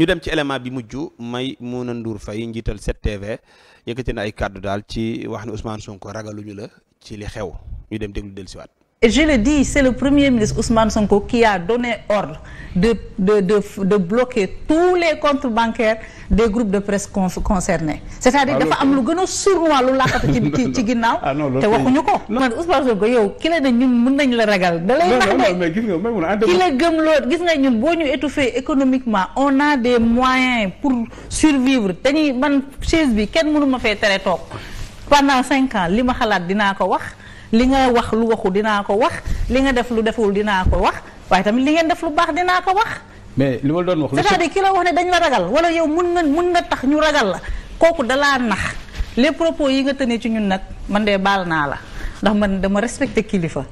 ñu dem ci élément bi mujj may Maimouna Ndour fay njiital 7TV yëkkati na ay kàddu daal ci wax ne Ousmane Sonko ragaluñu la ci li xew ñu dem déglu siwaat Et je le dis, c'est le Premier ministre Ousmane Sonko qui a donné ordre de, de, de, de bloquer tous les comptes bancaires des groupes de presse concernés. C'est-à-dire qu'il ah, y a des gens sournois qui sont là. Non, non, ko Ousmane na qui est nous pouvons le régaler. Non, non, mais qui est gëm l'autre. Gis nga ñun boo ñu étouffé économiquement on a des moyens pour survivre dañuy man chaise bi kenn mënuma ma fee tere toog pendant cinq ans li ma xalaat dinaa ko wax li nga wax lu waxu dinaa ko wax li nga def lu deful dinaa ko wax waaye tamit li ngeen def lu baax dinaa ko wax. mais li ma doon wax. c'est-à-dire ki la wax ne dañ la ragal wala yow mun nga mun nga tax ñu ragal la kooku dalaa nax les propos yi nga tënee ci ñun nag man dee baal naa la ndax man dama respecté kilifa.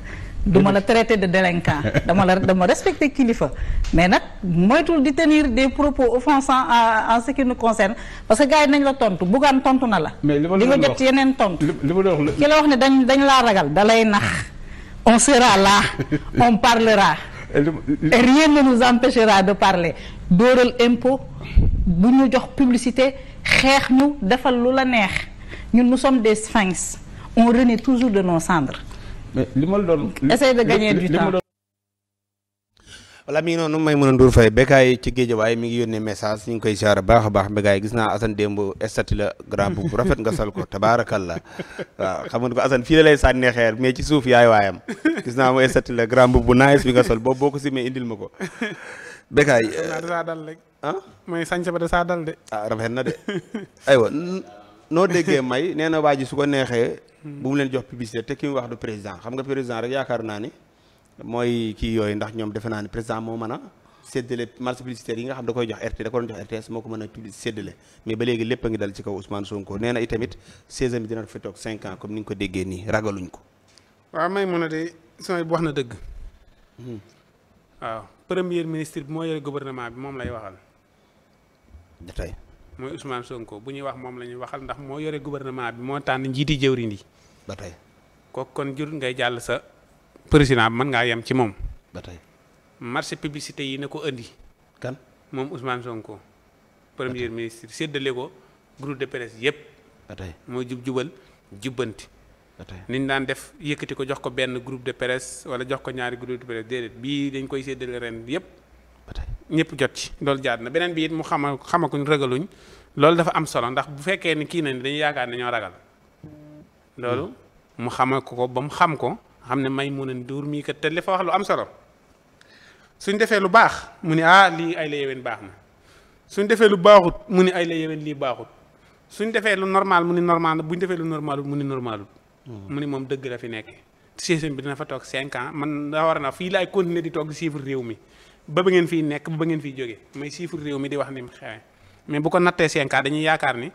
duma la traité de délinquant dama la dama respecté kilifa mais nag moytu di tenir des propos offensants en ce qui nous concerne parce que gars nañ la tontu buggaan tontu na la. mais li ma doon jot yeneen tontu. li ma doon wax ki la wax ne dañ dañ laa ragal da nax on sera la on parlera. et rien ne nous empêchera de parler dóoral impôt bu ñu jox publicité xeex ñu defal lu la neex ñun nous sommes des sphinx on renaît toujours de nos cendres. mais li ma doon. essayer de gagner du temps wala mi ngi noonu Maimouna Ndour Faye Bécaye ci mi ngi yónnee message ñu ngi koy siyaare baax a baax Bécaye gis naa Assane démb estati la grand bu rafet nga sol ko tabaarakalla waaw xam nga ko Assane fii la lay sànnee xeer mais ci suuf yaay waayam gis naa mu estati la grand bu naa nice bi nga sol boobu boo ko simee indil ma ko Bécaye. ah mooy sànq ba ah, na de aywa. noo déggee may nee na waa ji su ko neexee. bu mu leen jox publicité te ki mu wax du président xam nga président rek yaakaar naa ni mooy kii yooyu ndax ñoom defe naa ni président moo mën a séddale marché publicitaire yi nga xam da koy jox RT da ko doon jox RTS a publi séddale mais ba léegi lépp a ngi dal ci kaw Ousmane Sonko nee na itamit 16 ans bi dina fi toog 5 ans comme ni nga ko déggee nii ragaluñ ko. waaw may mën a de sooy wax na dëgg. Hmm. waaw premier ministre bi moo yore gouvernement bi moom lay waxal. mooy Ousmane Sonko bu ñuy wax moom la ñuy waxal ndax moo yore gouvernement bi moo tànn njiiti jëwriñ yi ba tey kooku kon jur ngay jàll sa président bi mën ngaa yem ci moom. ba tey marché publicité yi ne ko indi. kan moom Ousmane Sonko. premier ministre séddale ko groupe de presse yëpp. ba tey moo jub jubal jubbanti. ba ni ñu daan def yëkkati ko jox ko benn groupe de presse wala jox ko ñaari groupe de presse déedéet bii dañ koy séddale ren yëpp. ñëpp jot ci loolu jaat na beneen bi it mu xama xamakuñ ragaluñ loolu dafa am solo ndax bu fekkee ni kii nañ dañuy yaakaar ne ñoo ragal loolu mu xama ko ba mu xam ko xam ne may mu ne duur mii te li wax lu am solo suñ defee lu baax mu ni ah lii ay la baax na suñ defee lu baaxut mu ni ay la yeween lii baaxut suñ defee lu normal mu ni normal na buñ defee lu normalut mu ni normalut hmm. mu ni moom dëgg la fi nekk système bi dana fa toog cinq ans man daa war na fii laay continuer di toog di suivre réew mi ba ba ngeen fii nekk ba ba ngeen fiy jógee may chiffre réew mi di wax ni mu xewee mais bu ko nattee 5 ans dañuy yaakaar ni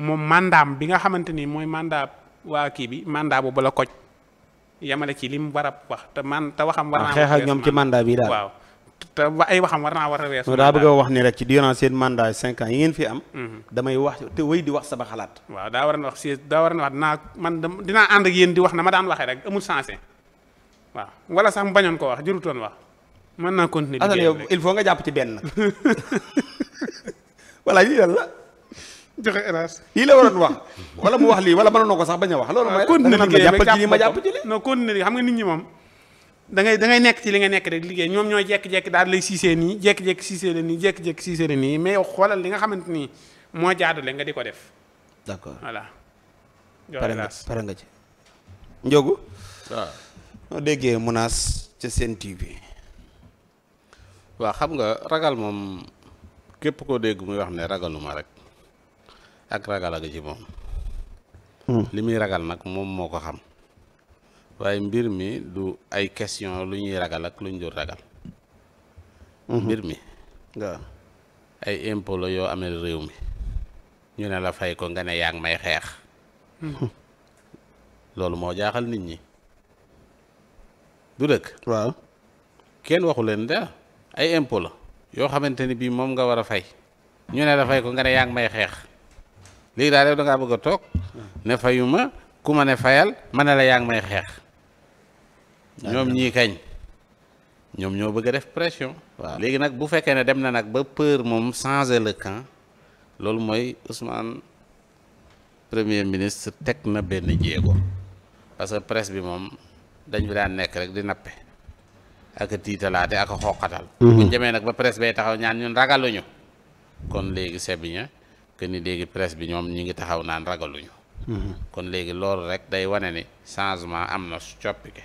moom mandaam bi nga xamante ni mooy màndaa waa kii bi mandat boobu la koj yamale ci lim war a wax te man te waxam. war ah, naa xeex ak ñoom ci mandat bi daal waaw. te ay waxam war naa war a weesu. daa bëgg a wax ni rek ci durant seen mandat cinq yi ngeen fi am. Mhm. damay te wéy di wax sama xalaat. waaw daa war a wax si daa war a wax naa man dinaa ànd ak yéen di wax na ma daan waxee rek amul sensé waaw wala sax mu bañoon ko wax jurutoon wax. mën naa continuer di yow il faut nga jàpp ci benn. voilà lii lan la. joxe hélas. lii la waroon wax. wala mu wax lii wala mënoon na ko sax bañ a wax. loolu mooy da nga jàppal ci lii ma jàpp ci lii. non continuer xam nga nit ñi moom. da ngay nekk ci li nga nekk rek liggéey ñoom ñooy jékki-jékki daal lay siisee nii jékki-jékki siisee la nii jékki-jékki siisee la nii mais xoolal li nga xamante ni moo jaadale nga di ko def. d'accord voilà. joxe pare nga ci. Njogu. waaw. Ah. noo déggee menace ca Sen waa xam nga ragal moom képp koo dégg muy wax ne ragaluma rek ak ragal ci moom. Hmm. li muy ragal nag moom moo ko xam. waaye mbir mi du ay question lu ñuy ragal ak lu ñu dul ragal. Hmm. mbir mi. ay impole la yoo amee réew mi. ñu ne la fay ko nga ne yaa ngi may xeex. Hmm. loolu moo jaaxal nit ñi. du dëkk. waaw kenn waxu leen dara. ay impôt la yoo xamante ni bii moom nga war a fay ñu ne la fay ko nga ne yaa ngi may xeex léegi daal yow da bëgg a toog ne fayu ma ku ma ne fayal ma ne la yaa ngi may xeex ñoom ñii kañ ñoom ñoo bëgg a def pression. waaw léegi nag bu fekkee ne dem na nag ba për moom changé le camp loolu mooy Ousmane premier ministre teg na benn jéego parce que presse bi moom dañ fi daan nekk rek di nappe. ak a tiitalaate ak a xooqatal mhm. buñ demee nag ba presse bay taxaw ñaan ñun ragaluñu kon léegi c'est bien que ni léegi presse bi ñoom ñu ngi taxaw naan ragaluñu mhm. kon léegi loolu rek day wane ni changement am na coppite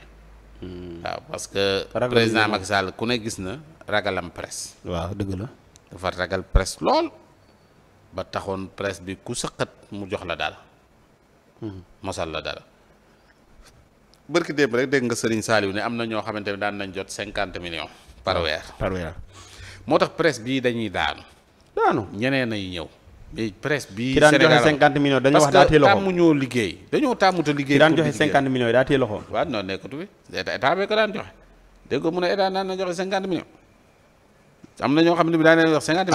mhm. waaw parce que président Macky Sall ku ne gis na ragalam presse waaw dëgg la dafa ragal presse lool ba taxoon presse bi ku sëqat mu jox la dara mosal la dara bërki démb rek dégg nga Serigne Saliou ne am na ñoo xamante ne daan nañ jot cinquante millions par ah, weer moo tax presse bii dañuy daanu daanu ñeneen ay ñëw mais bii dañu wax daa téye loxo parce que tàmmu ñoo liggéey dañoo tàmmuta liggéey daan joxe cinquante millions daa téye loxo waaw noonu nekkatu bi état ko daan joxe dégg nga mu ne état daan na joxe cinquante millions am na ñoo xam ne bi daan nañ jox ah, cinquante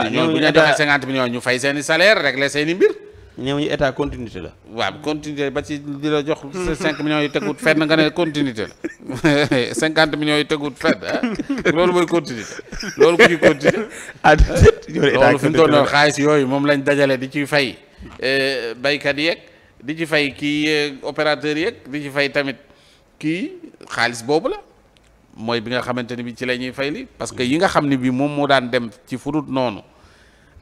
millions ñu joxe cinquante salaire régler seen i mbir ñëw ñu état continuité la. waaw continuité ba ci di la jox. cinq millions yu teguut fenn nga ne continuité la cinquante millions yu teguut ah. mooy continuité loolu ku ci continuité. ah loolu fi mu xaalis yooyu moom lañ dajale di ci fay eh, baykat yeeg di ci fay kii opérateur yeeg di ci fay tamit kii xaalis boobu la mooy bi nga xamante ni bi ci la ñuy fay li parce que yi nga xam ne bi moom moo daan dem ci fudut noonu.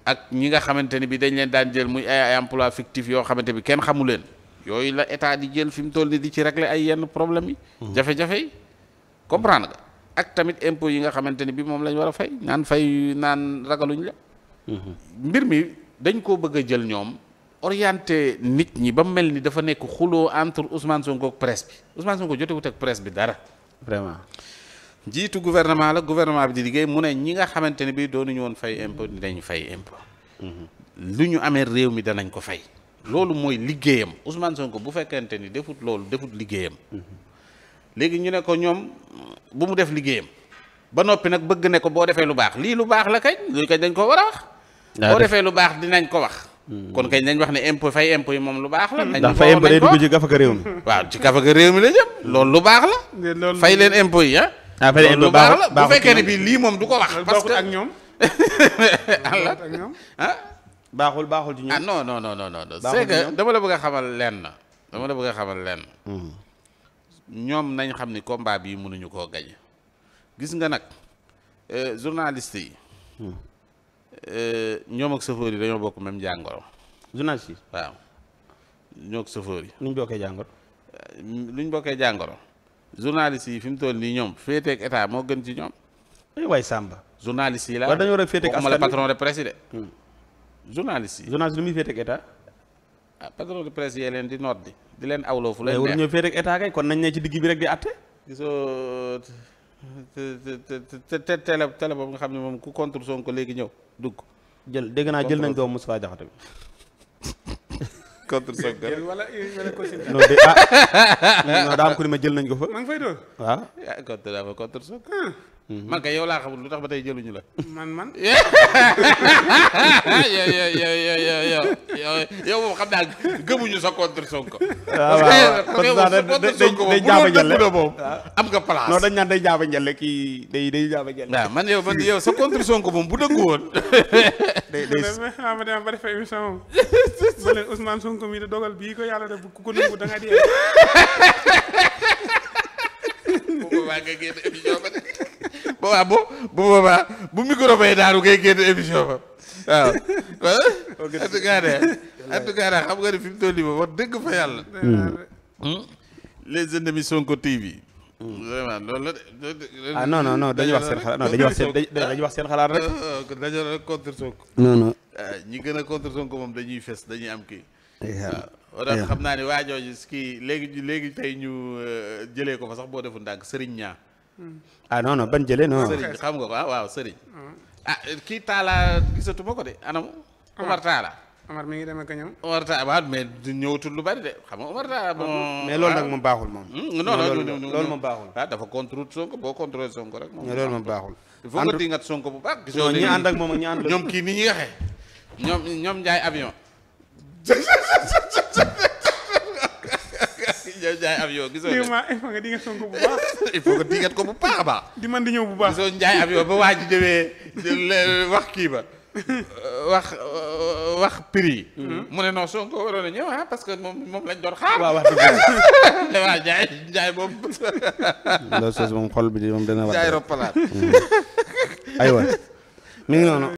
ak ñi nga xamante ni bi dañ leen daan jël muy ay emploi fictif yoo xamante bi kenn xamu leen yooyu la état di jël fi mu toll ni di ci régler ay yenn problème yi jafe-jafe yi comprendre nga ak tamit impôt yi nga xamante ni bi moom lañ war a fay naan fay naan ragaluñ la mbir mi dañ koo bëgg a jël ñoom orienté nit ñi ba mel ni dafa nekk xuloo entre Ousmane Sonko ak presse bi Ousmane Sonko jotewut ak presse bi dara vraiment jiitu gouvernement la gouvernement bi di liggéey mu ne ñi nga xamante ne bii doonuñu woon fay impôt dinañ fay impôt. Mm-hmm. lu ñu amee réew mi danañ ko fay. loolu mooy liggéeyam Ousmane Sonko bu fekkente ni defut loolu defut liggéeyam. Mm-hmm. léegi ñu ne ko ñoom bu mu def liggéeyam. ba noppi nag bëgg ne ko boo defee lu baax lii lu baax la kañ loolu dañ ko war a wax. boo lu baax dinañ ko wax. Mm-hmm. kon kañ dañ wax ne impôt fay impôt yi moom lu baax la. ndax fay impôt day dugg ci gafaka réew mi. waaw ci gafaka réew mi la jëm. loolu lu baax la. fay leen impôt yi ah. affaire ah, lu baax la bu fekkee ne bi lii moom du ko wax. parce que ak ñoom. baaxul baaxul ci ñoom ah non non non non dama la bëgg a xamal lenn dama la bëgg a xamal lenn. Hmm. ñoom nañ xam ni combat bii mënuñu koo gañ gis nga nag euh, journaliste yi. Hmm. Euh, ñoom ak chauffeur yi dañoo bokk même jàngoro. journaliste yi waaw ñoo ak chauffeur yi. nuñ bokkee jàngoro. Euh, luñ bokkee jàngoro. journaliste yi fi mu toll nii ñoom féeteeg état moo gën ci ñoom. ay waay Samba. journaliste yi laa war dañoo war a féeteeg askan wi patron de presse yi hmm. ah, leen di noot di leen awloo fu leen neex waruñoo féeteeg état kay kon ci digg bi rek di àtte. te te télé télé boobu nga xam ne moom ku contre ko léegi ñëw dugg. jël dégg naa jël nañ doomu Moustapha Diakhaté bi contre Sonko. jël wala wala Kosinga. non de a ah, non daa am ku ma jël nañ ko fa. maa ngi daa fa ah. ah, contre Sonko. Mm-hmm. man kay yow laa xamul lu tax ba tey jëluñu la. man man. yow yow yow yow yow xam naa gëmuñu sa contre Sonko. waaw ah, waaw parce bu doon dëgg la ah. day day day man yow sa contre Sonko moom bu dëgg woon. day day xaaral ah, ma dem ba def émission moom. ma leen Ousmane Sonko mi da dogal bii ko yàlla def ku ko nangu da dee. bu boobaa nga génn émission ba de. boobaa bo bu boobaa bu micro bay daaru kay génn émission ba waaw en tout cas de en tout cas daal xam nga ne fi mu toll wax dëgg fa yàlla mm. hmm? les loolu la ah non non dañuy wax seen xalaat non dañuy wax seen dañuy wax seen xalaat rek ah, ah, dañoo rek contre Sonko non non ah, ñi gën a contre Sonko moom dañuy fees dañuy am kii waaw daal xam naa ne waajooju kii léegi léegi tey ñu euh, jële ko fa sax boo defu ndànk Serigne ñaa a ah, non non ban jële non. sëriñ ah, xam nga ko ah waaw sëriñ. Ah. ah kii Talla gisatuma ko de anam. Omar Talla. Omar mi ngi dem ak a ñëw. Omar Talla waaw mais du ñëwatul lu bari de xam nga Omar Talla bon. Mm-hmm. mais loolu nag moom baaxul moom. Hmm, non non loolu moom baaxul. ah dafa contrôle Sonko boo contrôle Sonko rek. moom loolu moom baaxul. il faut que di ngat Sonko bu baax. gisoo ñi ànd ak moom ñi ànd ñoom yow Ndiaye avion gisoo leen ma il faut nga dingat ko bu baax. il faut que dingat ko bu baax a baax. di man di ñëw bu baax gisoo Ndiaye avion ba waa ji jëwee wax kii ba. wax wax prix. Mhm. mu ne non Sonko waroon a ñëw ah parce que moom moom lañ doon xaar. waaw wax dëgg waaw Ndiaye Ndiaye moom. loolu sos moom xol bi moom dana. wax Ndiaye roppalaat. Mhm. aywa mi ngi noonu.